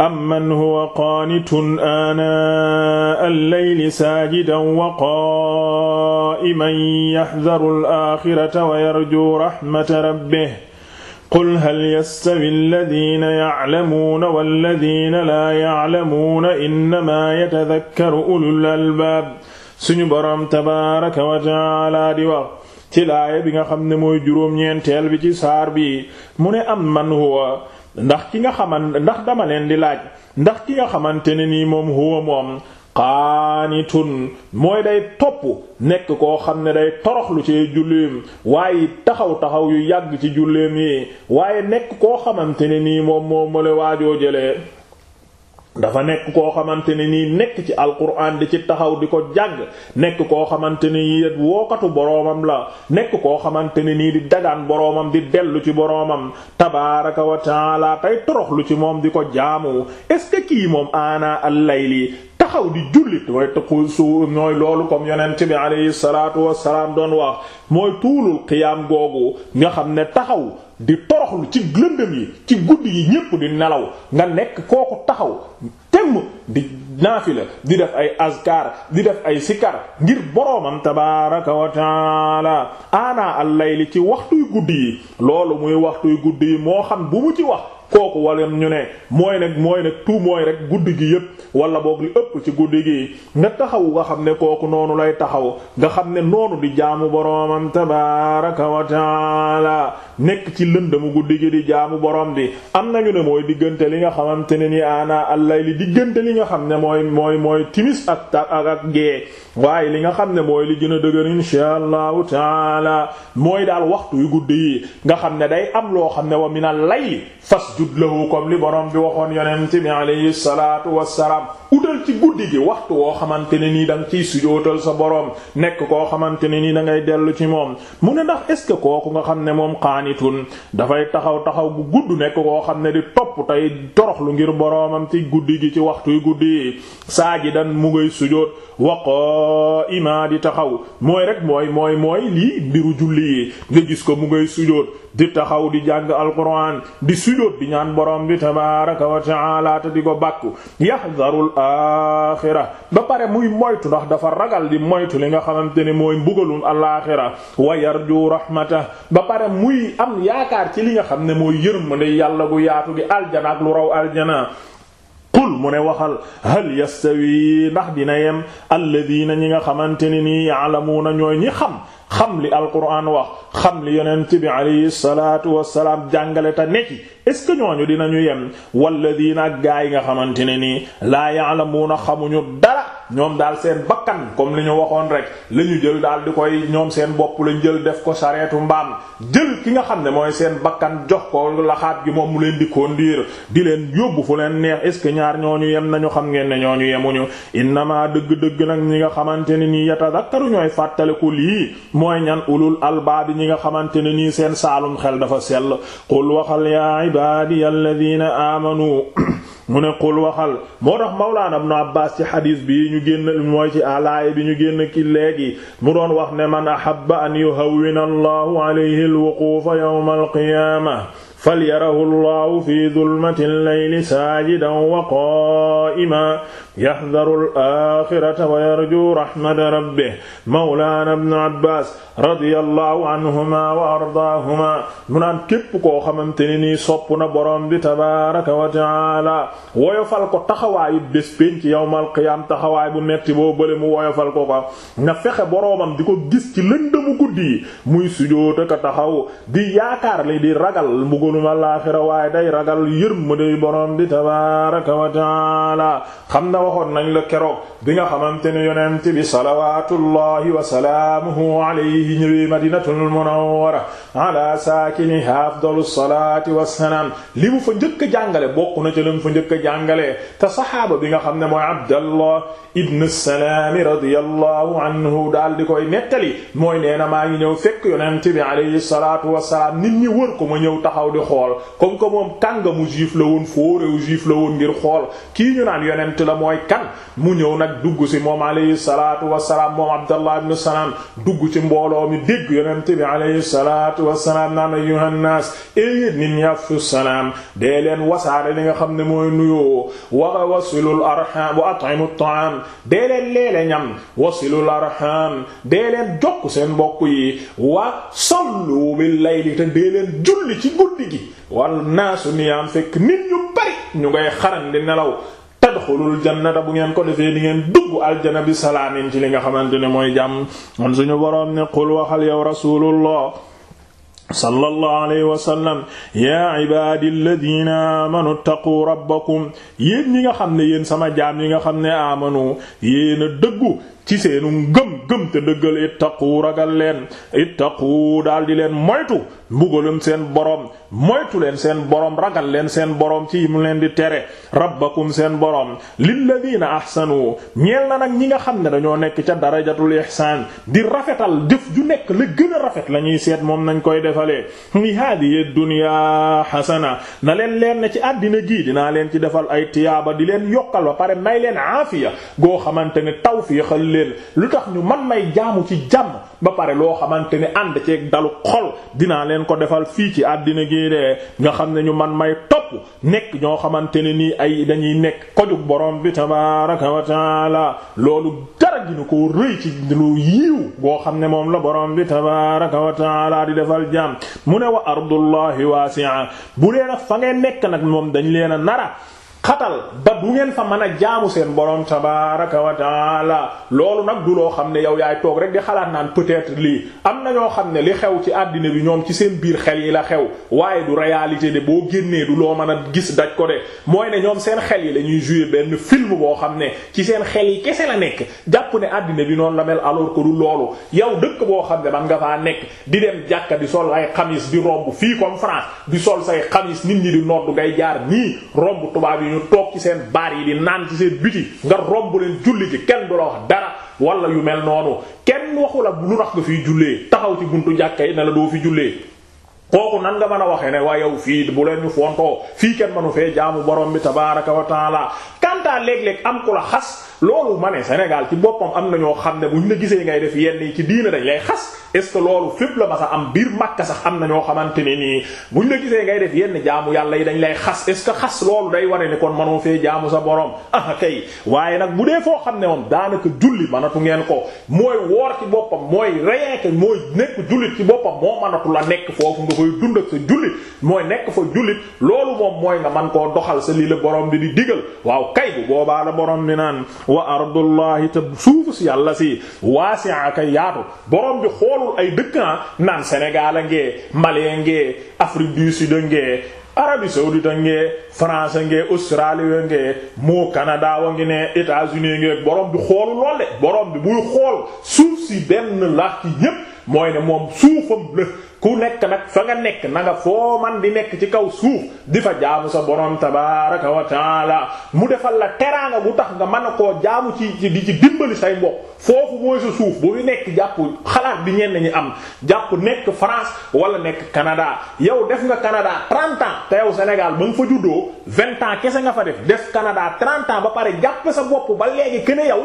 amman huwa qaanitun aanaa al-layli saajidan wa qaa'iman yahzaru al-aaxirata wa yarjuu raxmata rabbih qul hal yastawi alladhiina ya'lamuuna walladhiina laa ya'lamuuna innamaa yatadhakkaru ulul albaab suñu boroom tabaaraka wa ta'aalaa di wax ci laaya bi nga xam ne mooy juróom-ñeenteel bi ci saar bi mu ne amman huwa ndax ki nga xaman ndax dama leen di laaj ndax ki nga xamante ne nii moom huwa moom qaanitun mooy day topp nekk koo xam ne day toroxlu ci julleem waaye taxaw-taxaw yu yàgg ci julleem yi waaye nekk koo xamante ne nii moom moo male waajoo jëlee dafa nekk koo xamante ne nii nekk ci alquran di ci taxaw di ko jàgg nekk koo xamante ni nii yet wookatu boroomam la nekk koo xamante ni nii di dagaan boroomam di dellu ci boroomam tabaaraka wa taala tey toroxlu ci moom di ko jaamu est-ce kii moom aana al-layli taxaw di jullit mooy taqu su mooy loolu comme yonent bi alayhi salaatu wassalaam doon wax mooy tuulul qiyaam googu nga xam ne taxaw di toroxlu ci lëndëm yi ci guddi yi ñépp di nelaw nga nekk kooku taxaw temm di la di def ay azkar di def ay sikar ngir boroomam tabaraka wa taala ana al layli ci waxtuy guddi yi loolu muy waxtuy guddi yi moo xam bu mu ci wax kooku walam ñu ne mooy nag mooy nag tout mooy rek guddi gi yépp wala boog li ëpp ci guddi gi nga taxaw nga xam ne kooku noonu lay taxaw nga xam ne noonu di jaamu boroomam tabaaraka wa nekk ci lëndëmu guddi gi di jaamu borom bi am nañu ne mooy diggante li nga xamante ne ni ana allay li nga xam ne mooy mooy mooy timis ak ak ak gee waaye li nga xam ne mooy li gën a dëgër insha allahu taala mooy daal waxtu yu guddi yi nga xam ne day am loo xam ne wa minal layli fas wasjud lahu comme li borom bi waxoon yonent bi alayhi salaatu wassalaam utal ci guddi gi waxtu woo xamante ne nii da nga ciy sujootal sa borom nekk koo xamante ne nii da ngay dellu ci moom mu ne ndax est-ce que kooku nga xam ne moom xaanitun dafay taxaw taxaw bu gudd nekk koo xam ne di topp tey toroxlu ngir boromam ci guddi gi ci waxtuy guddi yi dan mu ngay sujoot wa qaa'ima di taxaw mooy rek mooy mooy mooy lii mbiru julli yi nga gis ko mu ngay sujoot di taxaw di jàng alquran di sujoot bi ñaan borom bi tabaaraka wa ta'ala te di ko bàkku yahdharul aaxira ba pare muy moytu ndax dafa ragal di moytu li nga xamante ne mooy mbugalum alaaxira wa yarju rahmata ba pare muy am yaakaar ci li nga xam ne mooy yërmande yàlla gu yaatu gi aljana ak lu raw aljana qul mu ne waxal hal yastawi ndax dina yem alladina ñi nga xamante ne nii ya'lamuna ñooy ñi xam xam li alquran wax xam li yonent bi alayhi salaat wassalaam jàngale ta ne ci est ce que ñooñu dinañu yem walladiina ak gaa yi nga xamante ne nii laa ya'lamuuna xamuñu dara ñoom daal seen bakkan comme li ñu waxoon rek la ñu jël daal di koy ñoom seen bopp lañ jël def ko sareetu mbaam jël ki nga xam ne mooy seen bakkan jox ko laxaat gi moom mu leen dikkoon conduire di leen yóbbu fu leen neex est ce que ñaar ñooñu yem nañu xam ngeen ne ñoo ñooñu yemuñu innama dëgg-dëgg nag ñi nga xamante ne nii yata yatadakkaru ñooy fàttaliku lii mooy ñan ulul albaabi ñi nga xamante ne nii seen saalum xel dafa sell qul waxal ya ibadiy alladina amanu mu ne qul waxal moo tax Mawlaana Ibn Abbaas ci xadiis bi ñu génn mooy ci alaaya bi ñu génn ki léegi mu doon wax ne man ahabba an yuhawwina Allahu alayhi al-wuquufa yawma al-qiyaama falyarahu Allahu fi zulmati al-layli saajidan wa qaa'iman yaxdaru al-aaxirata wa yarju raxmata rabbih mawlaana ibnu abbaas radiyallahu anhuma wa ardaahuma mu naan képp koo xamante ne nii sopp na boroom bi tabaaraka wa taala woyofal ko taxawaayu bés pénc yawmal qiyaam taxawaay bu metti boo bële mu woyofal ko ko na fexe boroomam di ko gis ci lëndëmu guddi yi muy sujóota taxaw di yaakaar li di ragal mbugalum alaaxira waaye day ragal yërmande boroom bi tabaaraka wa taala xam na waxoon nañ la keroog bi nga xamante ne yonent bi salawaatullahi wa salaamuhu alayhi ñëwee madinatul munawwara ala saakiniha afdalu salaati wassalaam li mu fa njëkk a jàngale bokk na ca lam fa njëkk a jàngalee te saxaaba bi nga xam ne mooy abdallah ibn salaami radiyallahu anhu daal di koy nettali mooy nee na maa ngi ñëw fekk yonent bi alayhi salaatu wassalaam nit ñi wër ko ma ñëw taxaw di xool comme que moom kàngamu juif la woon fóorewu juif la woon ngir xool kii ñu naan yonent la mooy mooy kan mu ñëw nag dugg si moom alayhi salaatu wasalaam moom dugg ci mbooloo mi dégg yonent bi alayhi salaatu wasalaam naan ayyuhan naas li nga xam ne mooy nuyoo wa wasilul arham wa at'imu at-ta'am leele ñam wasilul arham dee leen seen mbokk yi wa sallu bil layli te julli ci guddi gi wal naasu niyaam fekk nit ñu bari ñu ngay xaran nelaw tadxulul jannata bu ngeen ko defee ngeen dugg aljana bi salaamin ci li nga xamante ne mooy jàmm man suñu boroom ne qul waxal yow rasulullah sallallahu alayhi wa sallam yaa ibaadi alladina amanu taqu rabbakum yéen ñi nga xam ne yéen sama jaam yi nga xam ne amanu yéen a dëggu ci ragal leen ittaqu daal di leen moytu mbugalum seen boroom moytu leen seen boroom ragal leen seen boroom ci mu leen di tere rabbakum seen boroom lilladina ahsanu ñeel na nag ñi nga xam ne dañoo nekk ca darajatul ihsaan di rafetal jëf ju nekk la gën a rafet la ñuy seet moom nañ koy defalee ni haadihi dunya hasana na leen leen ne ci àddina gii dinaa leen ci defal ay tiyaaba di leen yokkal ba pare may leen aafiya goo xamante ne tawfiixal leen lu tax ñu man may jaamu ci jàmm ba pare loo xamante ni ànd ceeg dalu xol dinaa leen ko defal fii ci àddina gi nga xam ne ñu man may topp nekk ñoo xamante ne nii ay dañuy nekk kojug borom bi tabaaraka wa taala loolu dara gi ñu ko rëy ci lu yiiw boo xam ne moom la borom bi tabaaraka wa taala di defal jaam mu ne wa ardullahi waasi'a bu leen fa ngeen nekk nag moom dañ leen a nara xatal ba du ngeen fa mën a jaamu seen borom tabaaraka wa taala loolu nag du loo xam ne yow yaay toog rek di xalaat naan peut-être lii am na ñoo xam ne li xew ci àddina bi ñoom ci seen biir xel yi la xew waaye du réalité de boo génnee du loo mën a gis daj ko de mooy ne ñoom seen xel yi lañuy jouer benn film boo xam ne ci seen xel yi kese la nekk jàpp ne àddina bi noonu la mel alors que du loolu yow dëkk boo xam ne man nga faa nekk di dem jàkka di sol ay xamis di romb fii comme France di sol say xamis nit ñi di noddu ngay jaar nii tubaab yi ñu toog ci seen baar yi di naan ci seen biti nga romb leen julli ci kenn du la wax dara wala yu mel noonu kenn waxu la lu tax nga fiy jullee taxaw ci buntu jàkka yi ne la doo fi jullee. kooku nan nga mën a waxee ne waa yow fii bu leen ñu fontoo fii kenn mënu fee jaamu borom bi tabaaraka wa taala kanta léeg am ku la xas. loolu mane ne Sénégal ci boppam am na ñoo xam ne bu ñu la gisee ngay def yenn yi ci diina dañ lay xas est ce que loolu fépp la ma sa am biir Makka sax am na ñoo xamante ne bu buñ la gisee ngay def yenn jaamu yàlla yi dañ lay xas est ce que xas loolu day ware ni kon manoo fee jaamu sa borom ah kay waaye nag bu dee foo xam ne moom daanaka julli manatu ngeen ko mooy woor ci boppam mooy reyeke mooy nekk jullit ci boppam moo manatu la nekk foofu nga koy dund ak sa nekk fa jullit loolu moom mooy nga man koo doxal sa lii la borom bi di digal waaw kay boobaa la borom bi wa ardullahi te suufu si yàlla si waasi'a ka yaatu borom bi xoolul ay dëkk ah, naan Sénégal a ngee Mali a ngee Afrique du Sud a ngee Arabie saoudite ngee France ngee Australie ngee moo Canada wa ngi ne États-Unis ngee borom bi xoolu lool de bi buy xool suuf si benn la ci mooy ne moom suufam la ku nekk nag fa nga nekk nanga foo man di nekk ci kaw suuf di fa jaamu sa borom tabaraka wa taala mu defal la teraanga bu tax nga mën na koo jaamu ci di ci dimbali say mbokk foofu mooy sa suuf bu fi nekk jàpp xalaat bi ñenn ñi am jàpp nekk France wala nekk Canada yow def nga Canada 30 ans te yow Sénégal ba nga fa juddoo 20 ans kese nga fa def def Canada 30 ans ba pare jàpp sa bopp ba léegi a yow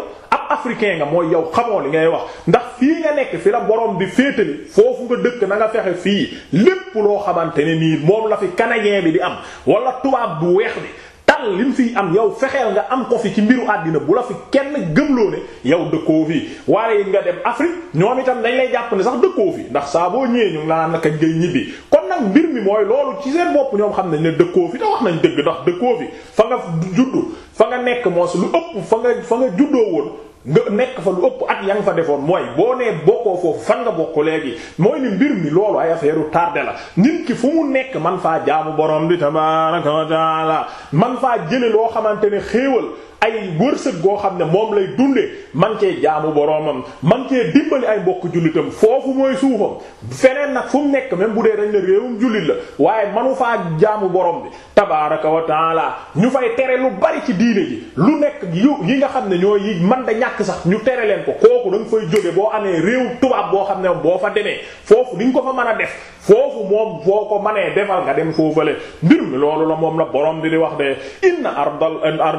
africain nga mooy yow xamoo li ngay wax ndax fii nga nekk fi la boroom bi féetali foofu nga dëkk na nga fexe fii lépp loo xamante ne nii moom la fi canadien bi di am wala tubaab bu weex bi tal lim fi am yow fexeel nga am ko fi ci mbiru àddina bu la fi kenn gëmloo ne yow dëkkoo fii waaye nga dem Afrique ñoom itam dañ lay jàpp ne sax dëkkoo fi ndax saa boo ñëwee ñu ngi la naan kañ ngay ñibbi kon nag mbir mi mooy loolu ci seen bopp ñoom xam nañ ne dëkkoo fi te wax nañ dëgg dëkkoo fi fa nga juddu fa nga nekk moos lu ëpp fa nga fa nga juddoo woon nga nekk fa lu ëpp at ya fa defoon mooy boo nee bokkoo foofu fan nga bokk léegi mooy ni mbir mi loolu ay affaire u la nit ki fu mu nekk man faa jaamu boroom bi tabaaraka wa taala man faa jële loo xamante ne xéewal ay wërsëg goo xam ne moom lay dunde man cee jaamu boroomam man cee dimbali ay mbokk jullitam foofu mooy suufam feneen nag fu mu nekk bu dee dañ ne réewum jullit la waaye manu faa jaamu borom bi tabaaraka wa taala ñu fay tere lu bari ci diine ji lu nekk yi nga xam ne ñooy yi man da ñàkk ñàkk sax ñu tere leen ko kooku da nga jóge boo amee réew tubaab boo xam ne boo fa demee foofu di nga ko fa mën a def foofu moom foo ko manee defal nga dem foofale mbir mi loolu la moom la borom di di wax de inna ardal ar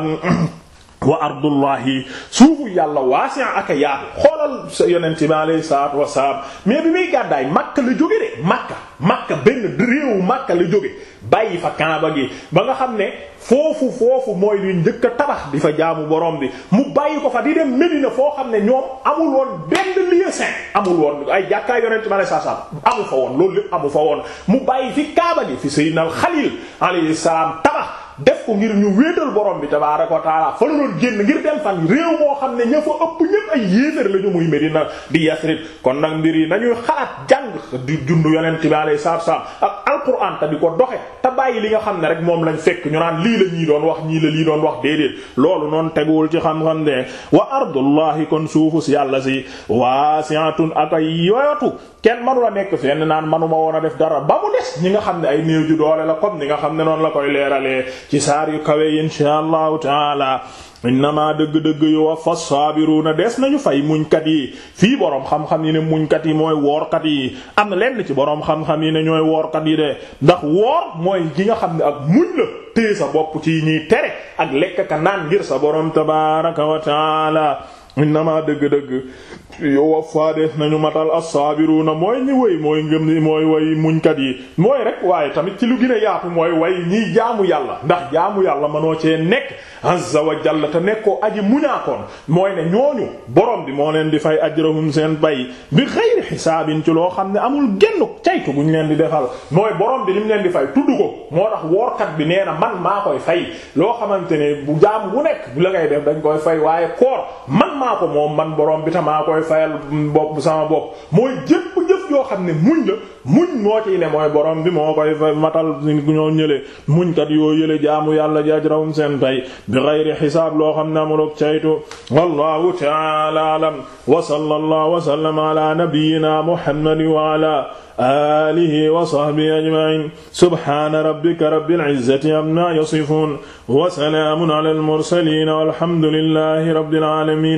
wa ardullahi suufu yàlla waasi'a ak yaatu xoolal sa yonent bi alayhi salaatu wasalaam mais bi muy gàddaay Makka la jóge de Makka Makka benn réewu Makka la jóge bàyyi fa kaaba gi ba nga xam ne foofu foofu mooy li njëkk a tabax di fa jaamu borom bi mu bàyyi ko fa di dem Medina foo xam ne ñoom amul woon benn lieu saint amul woon ay jàkkaay yonent ma ne saa saa amu woon amu fa woon mu bàyyi fi kaaba gi fi sayyidina al Xalil alayhi salaam tabax def ko ngir ñu wéetal borom bi tabaaraka wa taala fa la doon génn ngir dem xam ne ña ëpp ñëpp ay yéeféer la ñu muy Medina di Yasrib kon nag mbir yi nañuy xalaat jàng di dund yonent bi alayhi alquran te di ko doxe te bàyyi li nga xam ne rek moom lañ fekk ñu naan lii la doon wax ñii la lii doon wax déedéet loolu noon teguwul ci xam-xam de wa ardullahi kon suufu si yàlla si waasi'atun ak ay yoyotu kenn manu la nekk fenn naan manuma woon a def dara ba mu des ñi nga xam ne ay néew ju doole la comme ni nga xam ne noonu la koy leeralee ci saar yu kawe insha allahu taala innama dëgg-dëgg yuwaffa saabiruna des nañu fay muñkat yi fii boroom xam-xam yi ne muñkat yi mooy workat yi am na lenn ci boroom xam-xam yi ne ñooy woorkat yi de ndax woor mooy gi nga xam ne ak muñ la téye sa bopp ci ñuy tere ak lekk ka ngir sa boroom tabaraka wa taala innama dëgg-dëgg yuwaffa des nañu matal as mooy ñi wéy mooy ngëm ni mooy way muñkat yi mooy rek waaye tamit ci lu gën a yaatu mooy way ñiy jaamu yàlla ndax jaamu yàlla mënoo azza wa jalla te nekkoo aji muñaakoon mooy ne ñooñu boroom bi moo leen di fay ajrahum seen bay bi xayri xisaabin ci loo xam ne amul genn caytu guñ leen di defal mooy borom bi lim leen di fay tudd ko moo tax kat bi nee na man maa koy fay loo xamante ne bu jaam bu nekk bu la ngay def dañ koy fay waaye koor man maa ko moom man borom bi ta maa koy fayal bopp sama bopp mooy jëpp jëf yoo xam ne muñ la muñ moo ciy ne mooy borom bi moo koy fay ñoo ñële muñ kat yoo yële jaamu yàlla ji ajrahum seen bay bi ghayri hisaab loo xam ne amulug caytu wallahu ta'ala a'lam wa sallallahu wa sallama ala nabiyyina muhammad wa ala alihi wa sahbihi ajma'in subhana rabbika rabbil izzati amma yasifun wa salamun ala al mursalin walhamdulillahi rabbil alamin